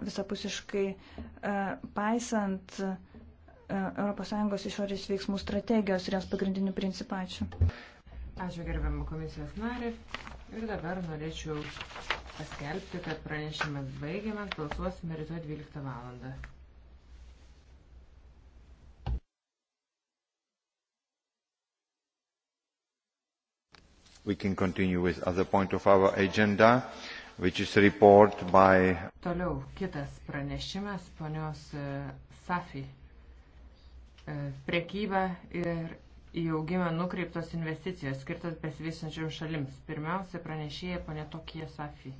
visapusiškai e, paisant ES išorės veiksmų strategijos ir jos pagrindinių principų. Ačiū. Ačiū gerbiamą komisijos narį. Ir dabar norėčiau paskelbti, kad pranešimas baigiamas, balsuosime rytoj 12 valandą. We can continue with other point of our agenda by... Toliau kitas pranešimas ponios e, Safi. E, prekyba ir į augimą nukreiptos investicijos skirtos besivystančiam šalims. Pirmiausia, pranešėja ponė Tokija Safi.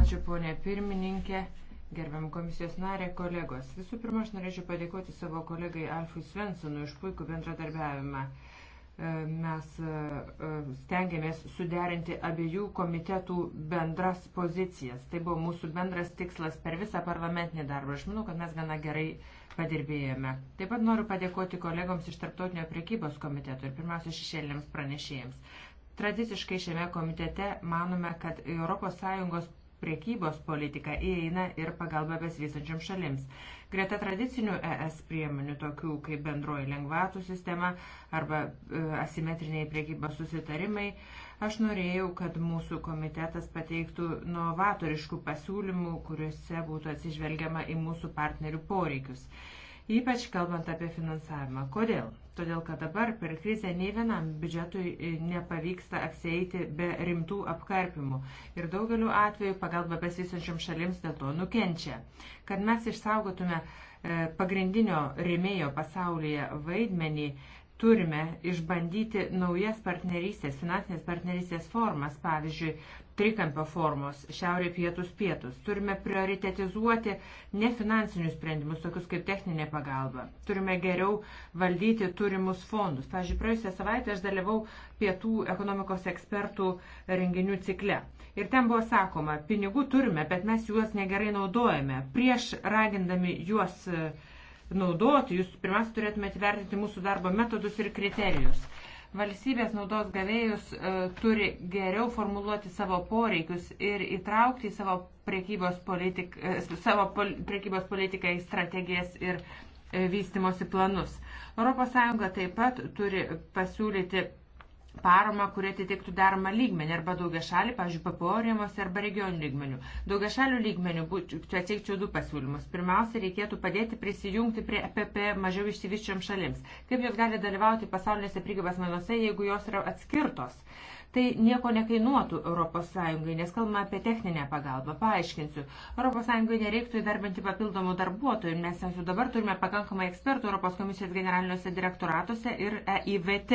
Ačiū ponė pirmininkė, gerbiam komisijos narė, kolegos. Visų pirma, aš norėčiau padėkoti savo kolegai Alfui Svensonui už puikų bendradarbiavimą. E, mes e, e, stengiamės suderinti abiejų komitetų bendras pozicijas. Tai buvo mūsų bendras tikslas per visą parlamentinį darbą. Aš manau, kad mes gana gerai padirbėjome. Taip pat noriu padėkoti kolegoms iš Tarptautinio priekybos komiteto ir pirmiausia šešėlėms pranešėjams. Tradiciškai šiame komitete manome, kad ES priekybos politika įeina ir pagalba besivystančiam šalims. Greta tradicinių ES priemonių, tokių kaip bendroji lengvatų sistema arba e, asimetriniai priekybos susitarimai, aš norėjau, kad mūsų komitetas pateiktų novatoriškų pasiūlymų, kuriuose būtų atsižvelgiama į mūsų partnerių poreikius ypač kalbant apie finansavimą. Kodėl? Todėl, kad dabar per krizę nei vienam biudžetui e, nepavyksta apsieiti be rimtų apkarpimų ir daugeliu atveju pagalba besisančiam šalims dėl to nukenčia. Kad mes išsaugotume e, pagrindinio rėmėjo pasaulyje vaidmenį, turime išbandyti naujas partnerystės, finansinės partnerystės formas, pavyzdžiui, trikampio formos - šiaurė, pietus, pietus. Turime prioritetizuoti nefinansinius sprendimus, tokius kaip techninė pagalba. Turime geriau valdyti turimus fondus. Pavyzdžiui, praėjusią savaitę aš dalyvau pietų ekonomikos ekspertų renginių cikle. Ir ten buvo sakoma, pinigų turime, bet mes juos negerai naudojame. Prieš ragindami juos e, naudoti, jūs pirmiausia turėtumėte vertinti mūsų darbo metodus ir kriterijus. Valstybės naudos gavėjus e, turi geriau formuluoti savo poreikius ir įtraukti į savo prekybos, politik, e, savo pol, prekybos politiką į strategijas ir e, vystimosi planus. ES taip pat turi pasiūlyti paramą, kurie atitiktų daromą lygmenį arba daugia šalį, pavyzdžiui, PPO rėmose arba regionų lygmenių. Daugia šalių lygmenių, čia atsiekčiau du pasiūlymus. Pirmiausia, reikėtų padėti prisijungti prie EPP mažiau išsivyščiam šalims. Kaip jos gali dalyvauti pasaulinėse prigybos menuose, jeigu jos yra atskirtos? tai nieko nekainuotų ES, nes kalbame apie techninę pagalbą. Paaiškinsiu, ES nereiktų įdarbinti papildomų darbuotojų, mes jau dabar turime pakankamai ekspertų ES generaliniuose direktoratuose ir EIVT.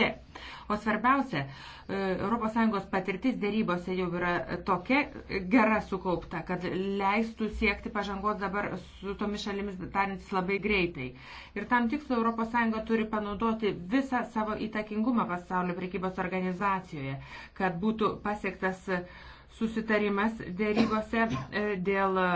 O svarbiausia, ES patirtis dėrybose jau yra tokia gera sukaupta, kad leistų siekti pažangos dabar su tomis šalimis tarintis labai greitai. Ir tam tikslu ES turi panaudoti visą savo įtakingumą pasaulio prekybos organizacijoje kad būtų pasiektas susitarimas dėrybose e, dėl e,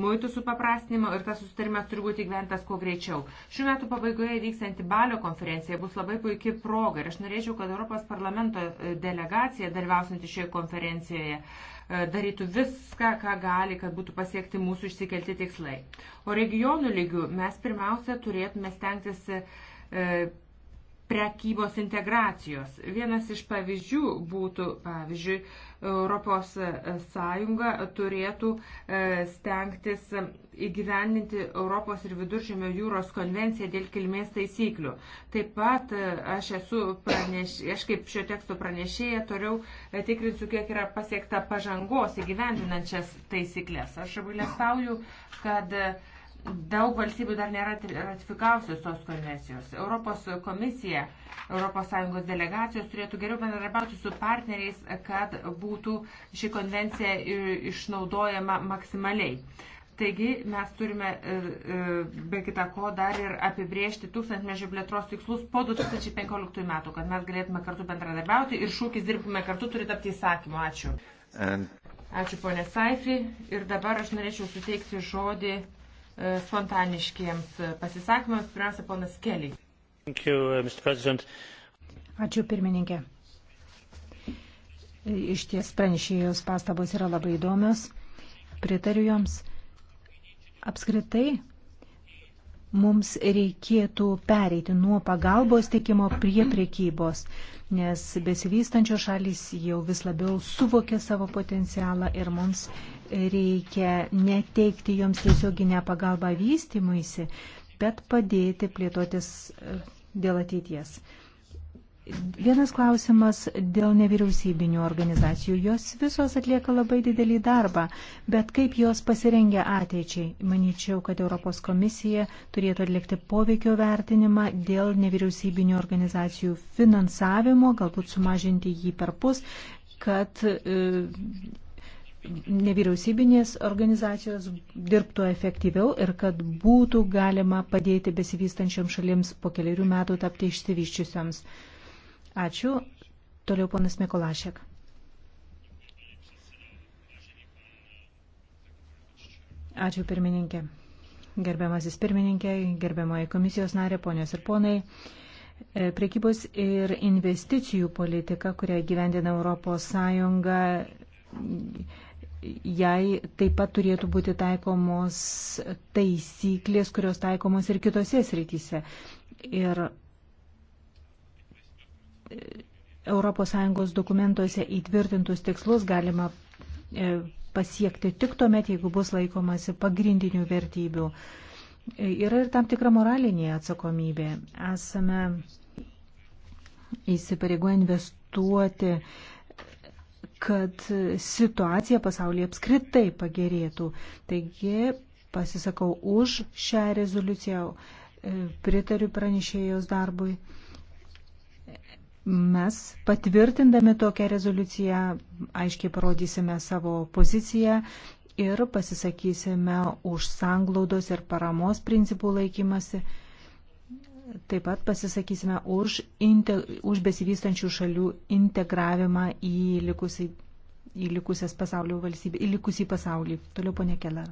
muitų supaprastinimo ir tas susitarimas turi būti įgyventas kuo greičiau. Šiuo metu pabaigoje vyksianti Balio konferencija bus labai puikia proga ir aš norėčiau, kad Europos parlamento e, delegacija dalyvausinti šioje konferencijoje darytų viską, ką gali, kad būtų pasiekti mūsų išsikelti tikslai. O regionų lygių mes pirmiausia turėtume stengtis prekybos integracijos. Vienas iš pavyzdžių būtų, pavyzdžiui, Europos Sąjunga turėtų e, stengtis įgyvendinti Europos ir Viduržėmio jūros konvenciją dėl kilmės taisyklių. Taip pat e, aš esu, praneš, aš kaip šio teksto pranešėja, toliau e, tikrinsiu, kiek yra pasiekta pažangos įgyvendinančias taisyklės. Aš apgailestauju, kad uh, Daug valstybių dar nėra ratifikavusios tos konvencijos. Europos komisija, ES delegacijos turėtų geriau bendradarbiauti su partneriais, kad būtų ši konvencija išnaudojama maksimaliai. Taigi mes turime e, e, be kita ko dar ir apibriežti tūkstantmečio plėtros tikslus po 2015 metų, kad mes galėtume kartu bendradarbiauti ir šūkis dirbkime kartu turi tapti įsakymu. Ačiū. And... Ačiū ponė Saifi ir dabar aš norėčiau suteikti žodį spontaniškiems pasisakymams. Pirmiausia, ponas Kelly. Uh, Ačiū, pirmininkė. Iš ties pranešėjos pastabos yra labai įdomios. Pritariu joms. Apskritai, mums reikėtų pereiti nuo pagalbos teikimo prie priekybos, nes besivystančios šalis jau vis labiau suvokia savo potencialą ir mums reikia neteikti joms tiesioginę pagalbą vystimuisi, bet padėti plėtotis e, dėl ateities. Vienas klausimas dėl nevyriausybinių organizacijų. Jos visos atlieka labai didelį darbą, bet kaip jos pasirengia ateičiai? Manyčiau, kad Europos komisija turėtų atlikti poveikio vertinimą dėl nevyriausybinių organizacijų finansavimo, galbūt sumažinti jį per pus, kad e, nevyriausybinės organizacijos dirbtų efektyviau ir kad būtų galima padėti besivystančiam šalims po keliarių metų tapti išsivyščiusiams. Ačiū. Toliau ponas Mikolašek. Ačiū pirmininkė. Gerbiamasis pirmininkė, gerbiamoji komisijos narė, ponios ir ponai. E, prekybos ir investicijų politika, kurią gyvendina Europos Sąjunga, jai taip pat turėtų būti taikomos taisyklės, kurios taikomos ir kitose srityse. Ir ES dokumentuose įtvirtintus tikslus galima e, pasiekti tik tuomet, jeigu bus laikomasi pagrindinių vertybių. E, yra ir tam tikra moralinė atsakomybė. Esame įsipareigoję investuoti kad situacija pasaulyje apskritai pagerėtų. Taigi pasisakau už šią rezoliuciją, e, pritariu pranešėjos darbui. Mes patvirtindami tokią rezoliuciją aiškiai parodysime savo poziciją ir pasisakysime už sanglaudos ir paramos principų laikymasi. Taip pat pasisakysime už, inte, už besivystančių šalių integravimą į, likusį, į likusias pasaulio valstybę, į likusį pasaulį. Toliau ponė Keller.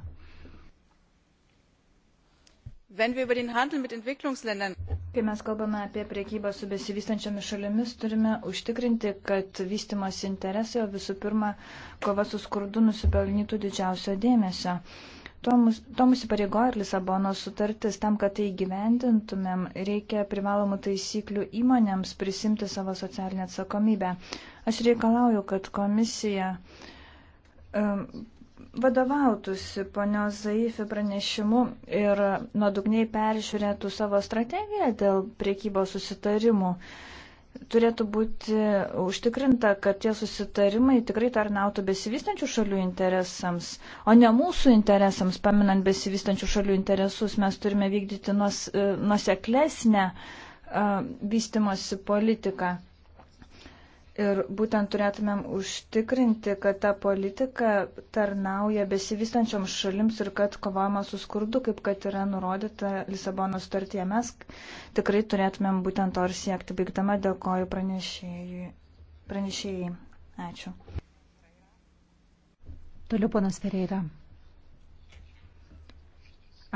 Kai mes kalbame apie priekybą su besivystančiomis šalimis, turime užtikrinti, kad vystimas interesai, o visų pirma, kova su skurdu nusipelnytų didžiausio dėmesio. Uh, To mus įpareigoja ir Lisabono sutartis. Tam, kad tai gyvendintumėm, reikia privalomų taisyklių įmonėms prisimti savo socialinę atsakomybę. Aš reikalauju, kad komisija um, vadovautųsi ponios Zaifi pranešimu ir nuodugniai peržiūrėtų savo strategiją dėl priekybos susitarimų. Uh, turėtų būti užtikrinta, kad tie susitarimai tikrai tarnautų besivystančių šalių interesams, o ne mūsų interesams, paminant besivystančių šalių interesus, mes turime vykdyti nuoseklesnę vystimosi politiką. Ir būtent turėtumėm užtikrinti, kad ta politika tarnauja besivystančiom šalims ir kad kovojama su skurdu, kaip kad yra nurodyta Lisabono sutartyje. Mes tikrai turėtumėm būtent to ir siekti. Baigdama dėkoju pranešėjai. pranešėjai. Ačiū. Toliau ponas Ferreira.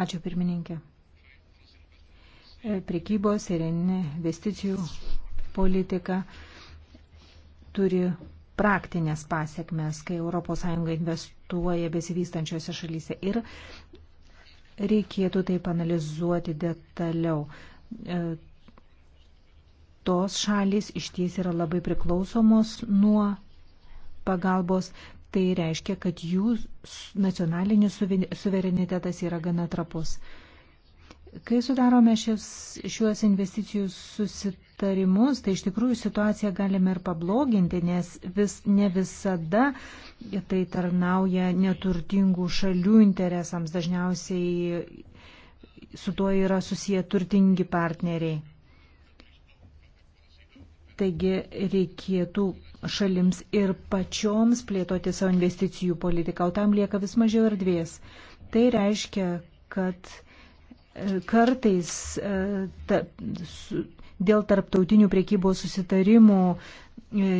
Ačiū pirmininkė. E, Prekybos ir investicijų politika turi praktinės pasiekmes, kai ES investuoja besivystančiose šalyse. Ir reikėtų tai analizuoti detaliau. E, tos šalys iš ties yra labai priklausomos nuo pagalbos. Tai reiškia, kad jų nacionalinis suverenitetas yra gana trapus. Kai sudarome šios, šiuos investicijų susitarimus, tai iš tikrųjų situaciją galime ir pabloginti, nes vis, ne visada tai tarnauja neturtingų šalių interesams. Dažniausiai su tuo yra susiję turtingi partneriai. Taigi reikėtų šalims ir pačioms plėtoti savo investicijų politiką, o tam lieka vis mažiau erdvės. Tai reiškia, kad kartais e, ta, su, dėl tarptautinių priekybos susitarimų e,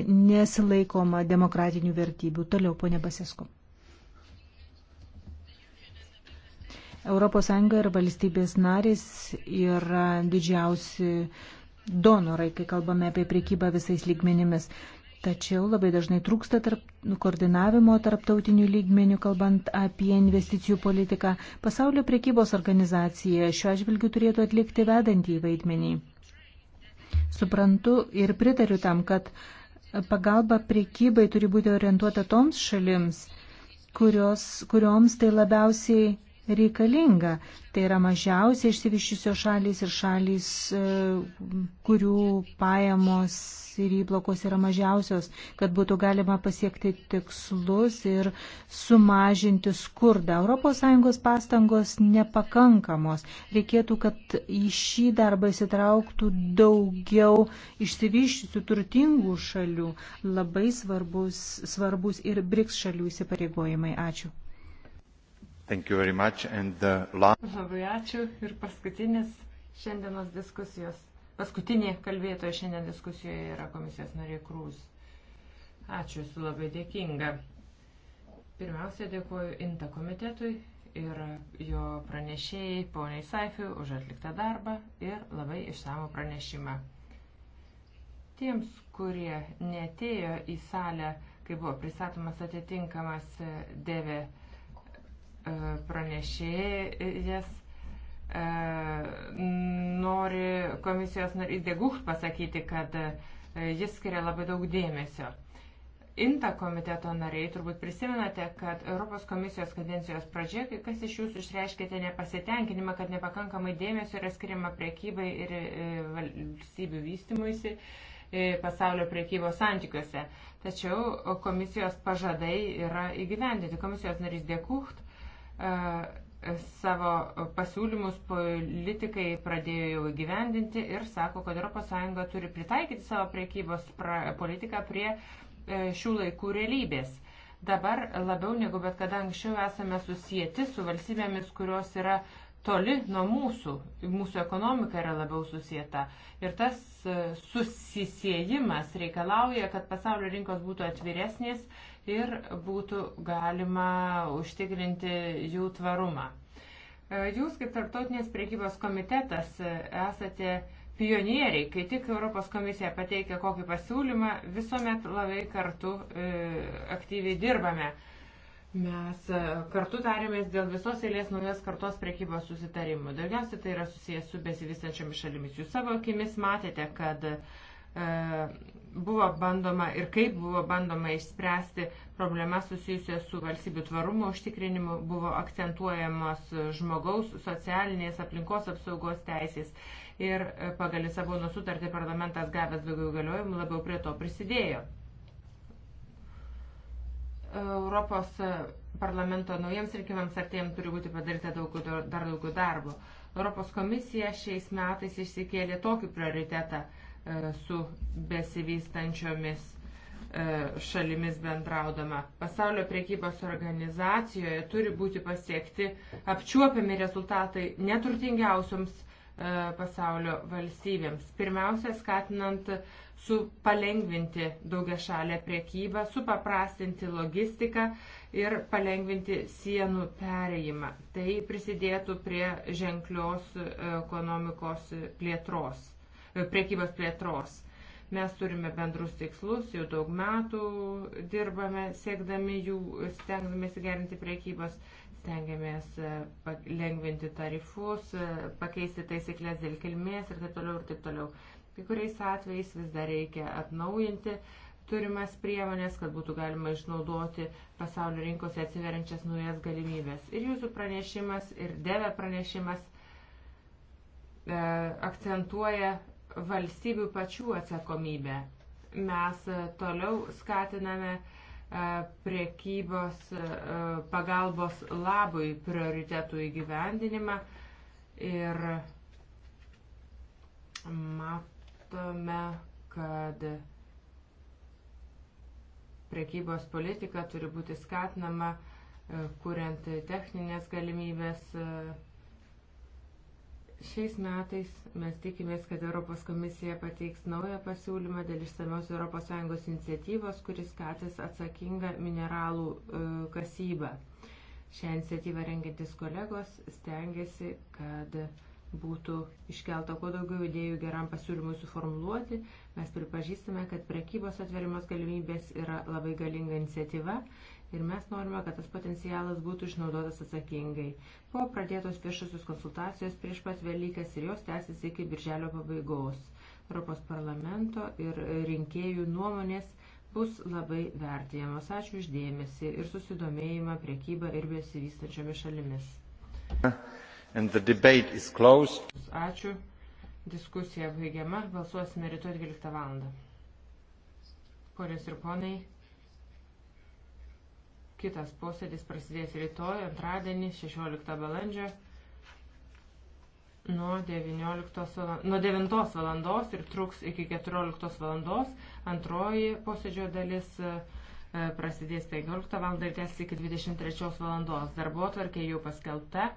nesilaikoma demokratinių vertybių. Toliau, ponė Basesko. ES ir valstybės narės yra didžiausi donorai, kai kalbame apie priekybą visais lygmenimis. Tačiau labai dažnai trūksta tarp, nu, koordinavimo tarptautinių lygmenių, kalbant apie investicijų politiką. Pasaulio priekybos organizacija šiuo atžvilgiu turėtų atlikti vedantį vaidmenį. Suprantu ir pritariu tam, kad pagalba priekybai turi būti orientuota toms šalims, kurios, kurioms tai labiausiai reikalinga. Tai yra mažiausiai išsivyščiusios šalys ir šalys, e, kurių pajamos ir įplokos yra mažiausios, kad būtų galima pasiekti tikslus ir sumažinti skurdą. ES pastangos nepakankamos. Reikėtų, kad į šį darbą įsitrauktų daugiau išsivyščiusių turtingų šalių. Labai svarbus, svarbus ir BRICS šalių įsipareigojimai. Ačiū. And, uh, Labai ačiū. Ir paskutinis šiandienos diskusijos, paskutinė kalbėtoja šiandien diskusijoje yra komisijos narė Krūs. Ačiū, esu labai dėkinga. Pirmiausia, dėkuoju INTA komitetui ir jo pranešėjai poniai Saifiu už atliktą darbą ir labai išsamų pranešimą. Tiems, kurie netėjo į salę, kai buvo pristatomas atitinkamas e, DVP pranešėjas e, nori komisijos narys Degucht pasakyti, kad e, jis skiria labai daug dėmesio. Inta komiteto nariai turbūt prisimenate, kad Europos komisijos kadencijos pradžioje kai kas iš jūsų išreiškėte nepasitenkinimą, kad nepakankamai dėmesio yra skiriama priekybai ir e, valstybių vystimuisi pasaulio priekybos santykiuose. Tačiau komisijos pažadai yra įgyvendinti. Komisijos narys Dekucht E, savo pasiūlymus politikai pradėjo jau įgyvendinti ir sako, kad ES turi pritaikyti savo priekybos pra, politiką prie e, šių laikų realybės. Dabar labiau negu bet kada anksčiau esame susijęti su valstybėmis, kurios yra toli nuo mūsų, mūsų ekonomika yra labiau susijęta. Ir tas e, susisiejimas reikalauja, kad pasaulio rinkos būtų atviresnės ir būtų galima užtikrinti jų tvarumą. E, Jūs kaip tarptautinės priekybos komitetas e, esate pionieriai, kai tik Europos komisija pateikia kokį pasiūlymą, visuomet labai kartu e, aktyviai dirbame. Mes e, kartu tarėmės dėl visos eilės naujos kartos priekybos susitarimų. Daugiausiai tai yra susijęs su besivystančiomis šalimis. Jūs savo akimis matėte, kad e, E, buvo bandoma ir kaip buvo bandoma išspręsti problemas susijusias su valstybių tvarumo užtikrinimu, buvo akcentuojamos žmogaus, socialinės, aplinkos apsaugos teisės ir e, pagal Lisabono sutartį parlamentas gavęs daugiau galiojimų labiau prie to prisidėjo. Europos parlamento naujiems rinkimams artėjant turi būti padaryta daug, dar daugiau darbo. Europos komisija šiais metais išsikėlė tokį prioritetą E, su besivystančiomis e, šalimis bendraudama. Pasaulio priekybos organizacijoje turi būti pasiekti apčiuopiami rezultatai neturtingiausioms e, pasaulio valstybėms. Pirmiausia, skatinant su palengvinti daugia šalę priekybą, supaprastinti logistiką ir palengvinti sienų pereimą. Tai prisidėtų prie ženklios ekonomikos plėtros priekybos plėtros. Mes turime bendrus tikslus, jau daug metų dirbame, siekdami jų, stengdamės gerinti priekybos, stengiamės e, lengvinti tarifus, e, pakeisti taisyklės dėl kilmės ir taip toliau ir taip toliau. Kai kuriais atvejais vis dar reikia atnaujinti turimas priemonės, kad būtų galima išnaudoti pasaulio rinkose atsiveriančias naujas galimybės. Ir jūsų pranešimas, ir devė pranešimas e, akcentuoja valstybių pačių atsakomybė. Mes e, toliau skatiname e, priekybos e, pagalbos labui prioritetų įgyvendinimą ir matome, kad priekybos politika turi būti skatinama, kuriant techninės galimybės Šiais metais mes tikimės, kad Europos komisija pateiks naują pasiūlymą dėl išsamios ES iniciatyvos, kuris skatys atsakingą mineralų e, kasybą. Šią iniciatyvą rengiantis kolegos stengiasi, kad būtų iškelta kuo daugiau idėjų geram pasiūlymui suformuluoti. Mes pripažįstame, kad prekybos atverimas galimybės yra labai galinga iniciatyva ir mes norime, kad tas potencialas būtų išnaudotas atsakingai. Buvo pradėtos viešosios konsultacijos prieš pat Velykas ir jos tęsis iki birželio pabaigos. Europos parlamento ir rinkėjų nuomonės bus labai vertinamos. Ačiū uždėmesi ir susidomėjimą priekybą ir besivystančiomis šalimis. Ačiū. Diskusija baigiama. Balsuosime rytoj 12 val. Ponios ir ponai. Kitas posėdis prasidės rytoj, antradienį, 16 balandžio, nuo, 19, nuo 9 valandos ir truks iki 14 valandos. Antroji posėdžio dalis e, prasidės 15 val. ir tęs iki 23 valandos. Darbo tvarkė jau paskelbta.